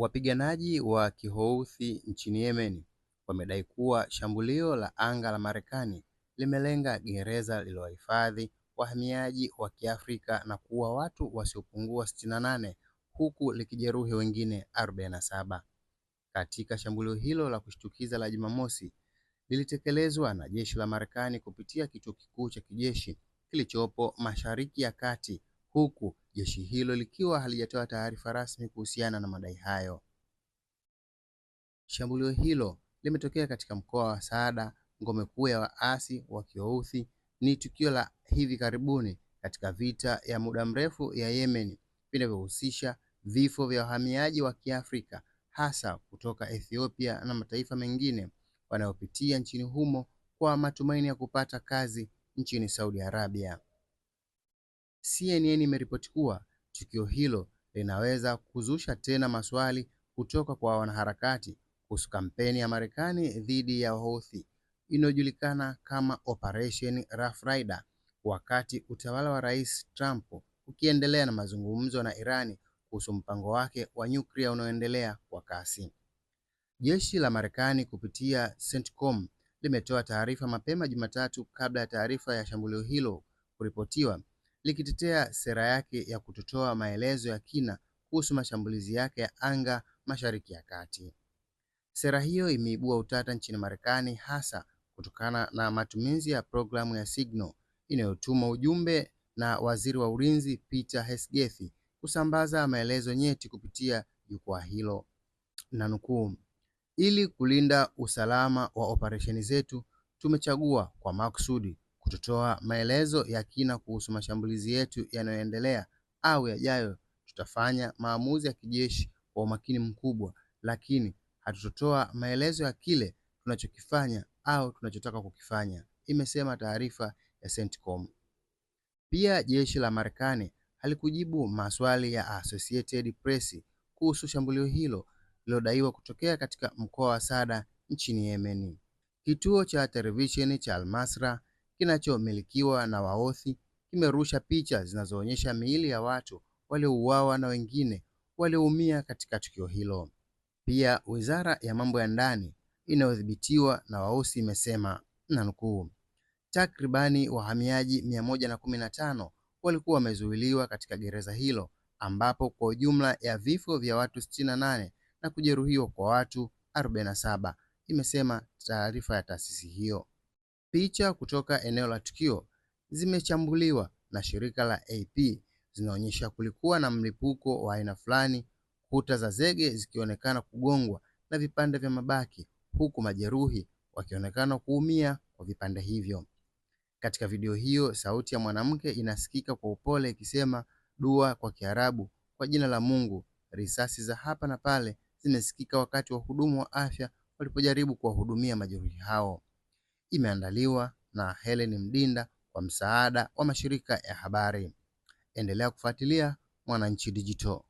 Wapiganaji wa Kihouthi nchini Yemen wamedai kuwa shambulio la anga la Marekani limelenga gereza lililohifadhi wahamiaji wa Kiafrika na kuua watu wasiopungua 68 huku likijeruhi wengine 47 Katika shambulio hilo la kushtukiza la Jumamosi, lilitekelezwa na jeshi la Marekani kupitia kituo kikuu cha kijeshi kilichopo Mashariki ya Kati huku jeshi hilo likiwa halijatoa taarifa rasmi kuhusiana na madai hayo. Shambulio hilo limetokea katika mkoa wa Saada, ngome kuu ya waasi wa Kiouthi. Ni tukio la hivi karibuni katika vita ya muda mrefu ya Yemen vinavyohusisha vifo vya wahamiaji wa Kiafrika hasa kutoka Ethiopia na mataifa mengine wanaopitia nchini humo kwa matumaini ya kupata kazi nchini Saudi Arabia. CNN imeripoti kuwa tukio hilo linaweza kuzusha tena maswali kutoka kwa wanaharakati kuhusu kampeni ya Marekani dhidi ya Houthi inayojulikana kama Operation Rough Rider, wakati utawala wa Rais Trump ukiendelea na mazungumzo na Irani kuhusu mpango wake wa nyuklia unaoendelea kwa kasi. Jeshi la Marekani kupitia CENTCOM limetoa taarifa mapema Jumatatu kabla ya taarifa ya shambulio hilo kuripotiwa likitetea sera yake ya kutotoa maelezo ya kina kuhusu mashambulizi yake ya anga Mashariki ya Kati. Sera hiyo imeibua utata nchini Marekani hasa kutokana na matumizi ya programu ya Signal inayotuma ujumbe na Waziri wa Ulinzi Peter Hegseth kusambaza maelezo nyeti kupitia jukwaa hilo. Na nukuu, ili kulinda usalama wa operesheni zetu tumechagua kwa makusudi tutatoa maelezo ya kina kuhusu mashambulizi yetu yanayoendelea au yajayo, tutafanya maamuzi ya kijeshi kwa umakini mkubwa, lakini hatutotoa maelezo ya kile tunachokifanya au tunachotaka kukifanya, imesema taarifa ya CENTCOM. Pia jeshi la Marekani halikujibu maswali ya Associated Press kuhusu shambulio hilo lililodaiwa kutokea katika mkoa wa sada nchini Yemen. Kituo cha televisheni cha almasra Masra kinachomilikiwa na Waothi kimerusha picha zinazoonyesha miili ya watu waliouawa na wengine walioumia katika tukio hilo. Pia Wizara ya Mambo ya Ndani inayodhibitiwa na waosi imesema na nukuu, takribani wahamiaji 115 walikuwa wamezuiliwa katika gereza hilo ambapo kwa jumla ya vifo vya watu 68 na kujeruhiwa kwa watu 47, imesema taarifa ya taasisi hiyo. Picha kutoka eneo la tukio zimechambuliwa na shirika la AP zinaonyesha kulikuwa na mlipuko wa aina fulani, kuta za zege zikionekana kugongwa na vipande vya mabaki, huku majeruhi wakionekana kuumia kwa vipande hivyo. Katika video hiyo sauti ya mwanamke inasikika kwa upole ikisema dua kwa Kiarabu, kwa jina la Mungu. Risasi za hapa na pale zimesikika wakati wahudumu wa afya walipojaribu kuwahudumia majeruhi hao imeandaliwa na helen Mdinda kwa msaada wa mashirika ya habari. Endelea kufuatilia Mwananchi Digital.